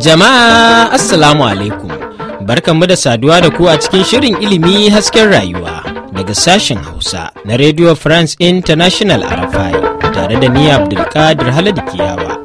Jama'a Assalamu alaikum barkanmu da saduwa da ku a cikin shirin ilimi hasken rayuwa daga sashen Hausa na Radio France International Arafai tare da ni Abdulkadir Haladu Kiyawa.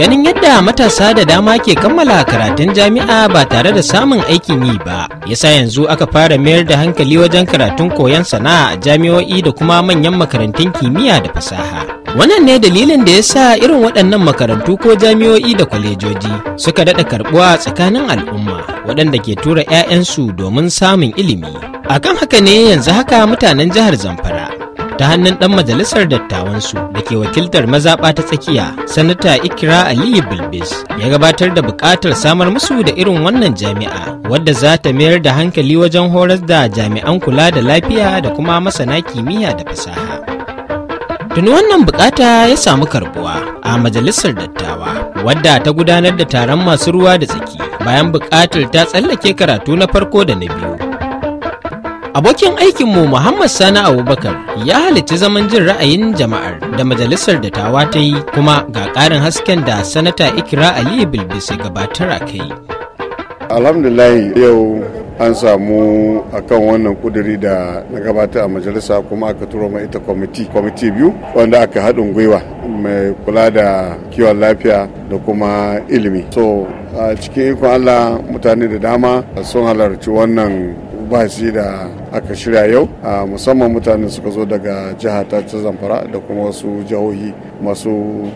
Ganin yadda matasa da dama ke kammala karatun jami'a ba tare da samun aikin yi ba, yasa yanzu aka fara mayar da hankali wajen karatun koyon sana'a a jami'o'i da kuma manyan makarantun kimiyya da fasaha. Wannan ne dalilin da ya sa irin waɗannan makarantu ko jami'o'i da kwalejoji suka daɗa karɓuwa tsakanin al'umma waɗanda ke tura 'ya'yansu domin samun ilimi. A kan haka ne yanzu haka mutanen jihar Zamfara ta hannun ɗan majalisar dattawansu da ke wakiltar mazaɓa ta tsakiya sanata ikira aliyu bilbis ya gabatar da buƙatar samar musu da irin wannan jami'a wadda za ta mayar da hankali wajen horar da jami'an kula da lafiya da kuma masana kimiyya da fasaha tuni wannan bukata ya samu karbuwa a majalisar dattawa wadda ta gudanar da taron masu ruwa da tsaki bayan bukatar ta tsallake karatu na farko da na biyu Abokin aikinmu Muhammad Sani Abubakar ya halarci zaman jin ra'ayin jama'ar da majalisar dattawa ta yi kuma ga ƙarin hasken da sanata Ikira Ali Bilbis gabatar a kai. Alhamdulillah yau an samu akan wannan kuduri da na gabata a majalisa kuma aka turo ma ita kwamiti kwamiti biyu wanda aka haɗin gwiwa mai kula da kiwon lafiya da kuma ilimi so a cikin ikon allah mutane da dama sun halarci wannan basi da aka shirya yau musamman mutane suka zo daga jihar ta zamfara da kuma wasu jihohi masu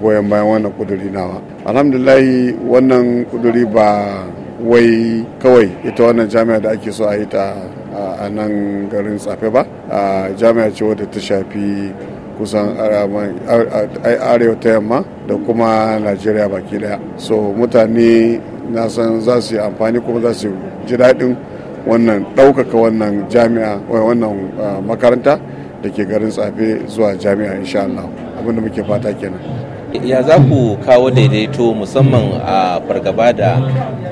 goyon bayan wannan kuduri nawa alhamdulahi wannan kuduri ba wai kawai ita wannan jami'a da ake so a yi ta a nan garin tsafe ba jami'a ce wadda ta shafi kusan arewa ta yamma da kuma najeriya baki daya so mutane na san za su yi amfani kuma za su ji daɗin wannan ɗaukaka wannan jami'a wannan ah, makaranta da ke garin tsafe zuwa jami'a insha Allah abinda muke fata kenan ya za ku kawo daidaito musamman a fargaba da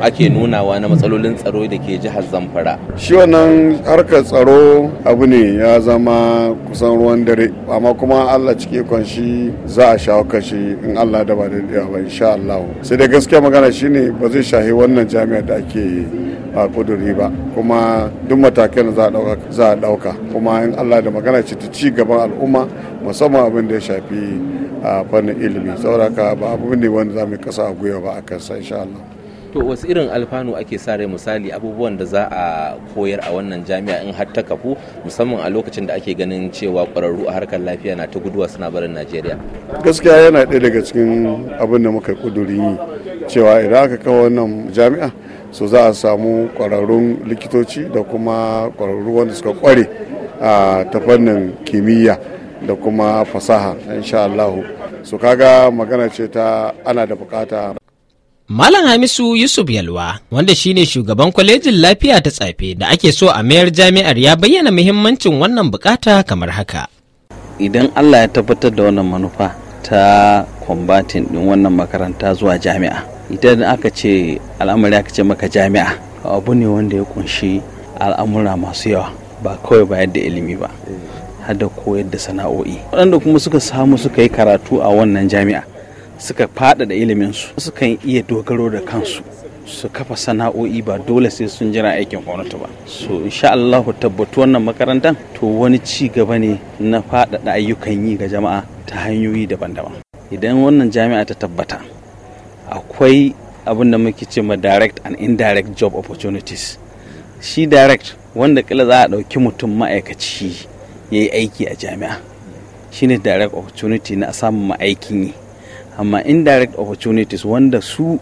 ake nunawa na matsalolin tsaro da ke jihar zamfara shi wannan harkar tsaro abu ne ya zama kusan ruwan dare amma kuma allah cike kwanshi za a shawo kashi in allah da ba da ba insha allahu. sai da gaskiya magana shine ba zai shahi wannan jami'ar da ake a kuduri ba kuma duk matakan za a dauka kuma in allah da magana ce ta ci gaban al'umma musamman abin da ya shafi a fannin ilimi sauraka ba abu ne wanda za mu kasa a gwiwa ba a kansa insha Allah to wasu irin alfanu ake sa rai misali abubuwan da za a koyar a wannan jami'a in har ta kafu musamman a lokacin da ake ganin cewa kwararru a harkar lafiya na ta guduwa suna barin najeriya gaskiya yana ɗaya daga cikin abin da muka ƙudurin yi cewa idan aka kawo wannan jami'a so za a samu ƙwararrun likitoci da kuma ƙwararru wanda suka ƙware a ah, ta fannin kimiyya da kuma fasaha insha allahu su kaga magana ce ta ana da bukata Malam Hamisu Yusuf Yalwa, wanda shine shugaban kwalejin lafiya ta tsafe da ake so a mayar jami'ar ya bayyana muhimmancin wannan bukata kamar haka. Idan Allah ya tabbatar da wannan manufa ta kwambatin din wannan makaranta zuwa jami'a. Idan aka ce al'amari aka ce maka jami'a, abu ne wanda ya kunshi al'amura masu yawa ba kawai ba yadda ilimi ba. har koyar da sana'o'i waɗanda kuma suka samu suka yi karatu a wannan jami'a suka faɗaɗa su sukan iya dogaro da kansu su kafa sana'o'i ba dole sai sun jira aikin gwamnati ba so insha Allah tabbatu wannan makarantar to wani ci gaba ne na faɗaɗa ayyukan yi ga jama'a ta hanyoyi daban-daban idan wannan jami'a ta tabbata akwai abin da muke ce ma direct and indirect job opportunities shi direct wanda kila za a ɗauki mutum ma'aikaci ya yi aiki a jami'a shine direct opportunity na samun ma'aikin yi amma indirect opportunities wanda su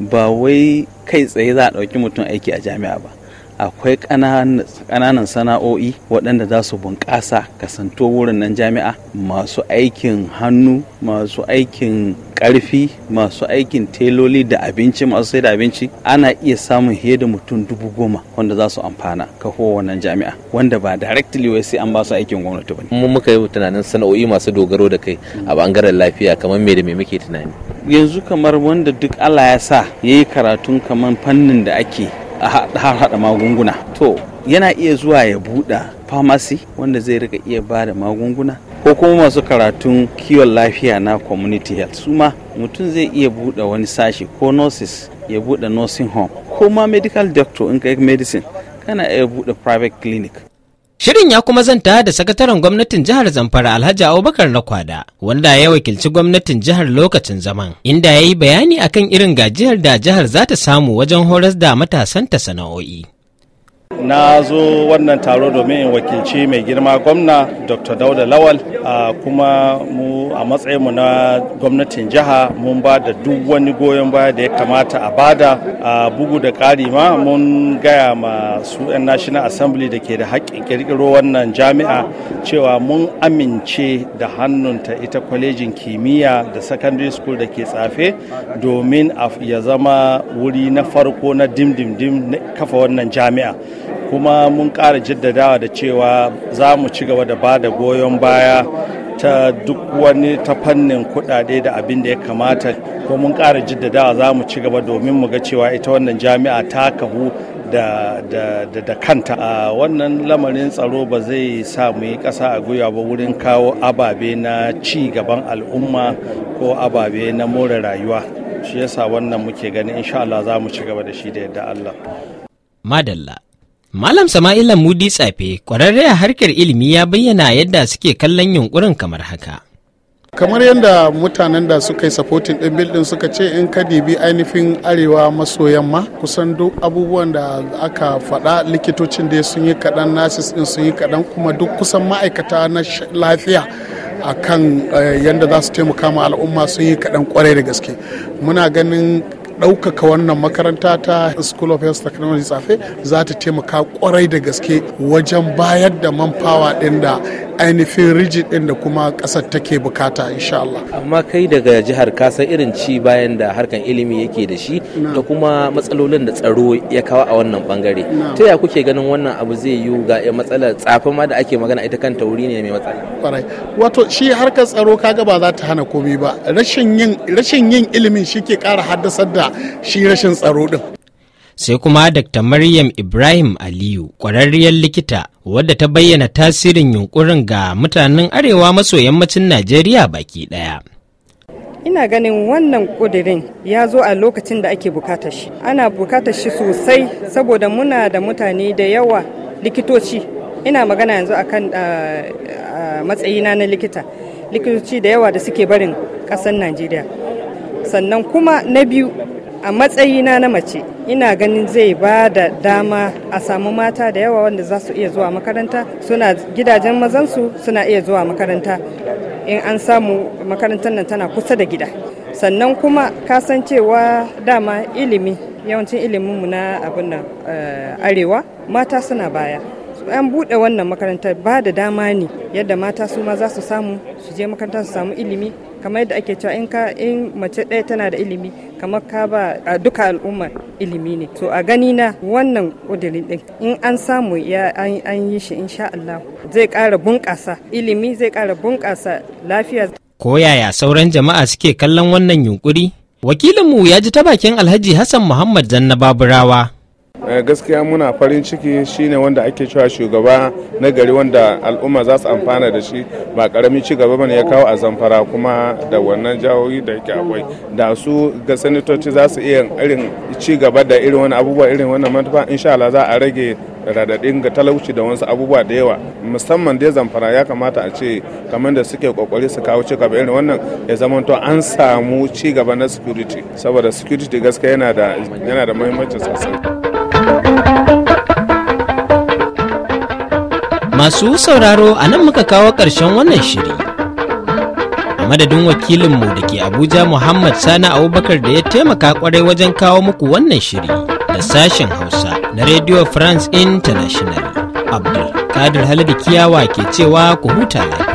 ba wai kai tsaye za a ɗauki mutum aiki a jami'a ba akwai ƙananan sana'o'i waɗanda za su bunƙasa kasanto wurin nan jami'a masu aikin hannu masu aikin ƙarfi masu aikin teloli da abinci masu sai da abinci ana iya samun fiye da mutum dubu goma wanda za su amfana ka wannan jami'a wanda ba directly wai sai an ba su aikin gwamnati ba ne. mun muka yi tunanin sana'o'i masu dogaro da kai a bangaren lafiya kamar me da me muke tunani yanzu kamar wanda duk Allah ya sa ya yi karatun kamar fannin da ake har hada magunguna to yana iya zuwa ya buɗe famasi wanda zai rika iya ba da magunguna ko kuma masu karatun kiwon lafiya na community health su ma mutum zai iya buɗe wani sashi ko nurses ya buɗe nursing home ko ma medical doctor in ka medicine kana iya buɗe private clinic Shirin ya kuma zanta da sakataren gwamnatin jihar Zamfara Alhaji Abubakar Rakwada wanda ya wakilci gwamnatin jihar lokacin zaman inda ya yi bayani akan irin gajiyar da jihar za ta samu wajen horas da matasanta sana'o'i. na zo wannan taro domin in wakilci mai girma gwamna dr dauda lawal kuma mu a matsayinmu na gwamnatin jiha mun ba da duk wani goyon baya da ya kamata a bada a bugu da ƙari ma mun gaya ma su 'yan national assembly da ke da haƙƙin ƙirƙiro wannan jami'a cewa mun amince da hannunta ita kwalejin kimiyya da secondary school da ke tsafe domin ya zama wuri na farko na dimdimdim na kafa wannan jami'a kuma mun ƙara jaddadawa da cewa za mu ci gaba da ba da goyon baya ta duk wani ta fannin kuɗaɗe da abin da ya kamata ko mun ƙara jaddadawa za mu ci gaba domin mu ga cewa ita wannan jami'a ta kahu da, da, kanta a wannan lamarin tsaro ba zai sa mu yi ƙasa a gwiwa ba wurin kawo ababe na ci gaban al'umma ko ababe na more rayuwa shi yasa wannan muke gani insha Allah za mu ci gaba da shi da yadda Allah madalla Malam Sama'ila Mudi Tsafe kwararre a harkar ilimi ya bayyana yadda suke kallon yunkurin kamar haka. kamar yadda mutanen da suka yi supporting din building suka ce in ka dibi ainihin arewa maso yamma kusan duk abubuwan da aka faɗa likitocin da sun yi kaɗan nurses din sun yi kaɗan kuma duk kusan ma'aikata na lafiya a kan eh, yadda za su taimaka ma al'umma sun yi kaɗan kwarai da gaske muna ganin ɗaukaka wannan makaranta ta School of Health Technology Tsafe za ta taimaka kwarai da gaske wajen bayar da manfawa ɗin da ainihin rigid ɗin da kuma ƙasar take bukata insha Allah. Amma kai daga jihar kasar irin ci bayan da harkan ilimi yake da shi da kuma matsalolin da tsaro ya kawo a wannan bangare. Ta ya kuke ganin wannan abu zai yiwu ga matsalar tsafin ma da ake magana ita kanta wuri ne mai matsala. Kwarai. Wato shi harkar tsaro kaga ba za ta hana komai ba. Rashin yin rashin yin ilimin shi ke ƙara haddasar da shi rashin tsaro din. Sai kuma Dr. Maryam Ibrahim Aliyu, kwararriyar likita wadda ta bayyana tasirin yunkurin ga mutanen arewa maso yammacin najeriya baki daya ina ganin wannan kudirin ya zo a lokacin da ake bukatar shi ana bukatar shi sosai saboda muna da mutane da yawa likitoci ina magana yanzu akan ah, ah, matsayina na likita likitoci da yawa da suke barin ƙasar najeriya sannan kuma na biyu a matsayina na mace ina ganin zai ba da dama a samu mata da yawa wanda za su iya zuwa makaranta suna gidajen mazansu suna iya zuwa makaranta in an samu makarantar nan tana kusa da gida sannan kuma kasancewa dama ilimi yawancin iliminmu na abin nan eh, arewa mata suna baya an buɗe wannan makarantar ba da dama ne yadda mata su ma za su samu su je makaranta su samu ilimi kamar yadda ake cewa in ka in mace ɗaya tana da ilimi kamar ka ba a duka al'umma ilimi ne to a gani na wannan ƙudurin ɗin in an samu ya an yi shi insha Allah zai ƙara bunƙasa ilimi zai ƙara bunƙasa lafiya ko yaya sauran jama'a suke kallon wannan yunkuri wakilinmu ya ji ta bakin alhaji hassan muhammad zanna baburawa Eh, gaskiya muna farin ciki shine wanda ake cewa shugaba na gari wanda al'umma za su amfana da shi ba karamin ci gaba bane ya kawo a zamfara kuma da wannan jawoyi da yake akwai da su ga sanatoci za su iya irin ci gaba da irin wani abubuwa irin wannan manufa insha Allah za a rage radadin ga talauci da wasu abubuwa da yawa musamman dai zamfara ya kamata a ce kamar da suke kokari su kawo ci gaba irin wannan ya zama to an samu ci gaba na security saboda security gaskiya yana da yana da muhimmanci sosai Masu sauraro a nan muka kawo ƙarshen wannan shiri. A madadin wakilinmu da ke Abuja Muhammad Sani Abubakar da ya taimaka kwarai wajen kawo muku wannan shiri da sashen Hausa na Radio France International. Abdul Kadir Halidu Kiyawa ke cewa ku huta lafiya.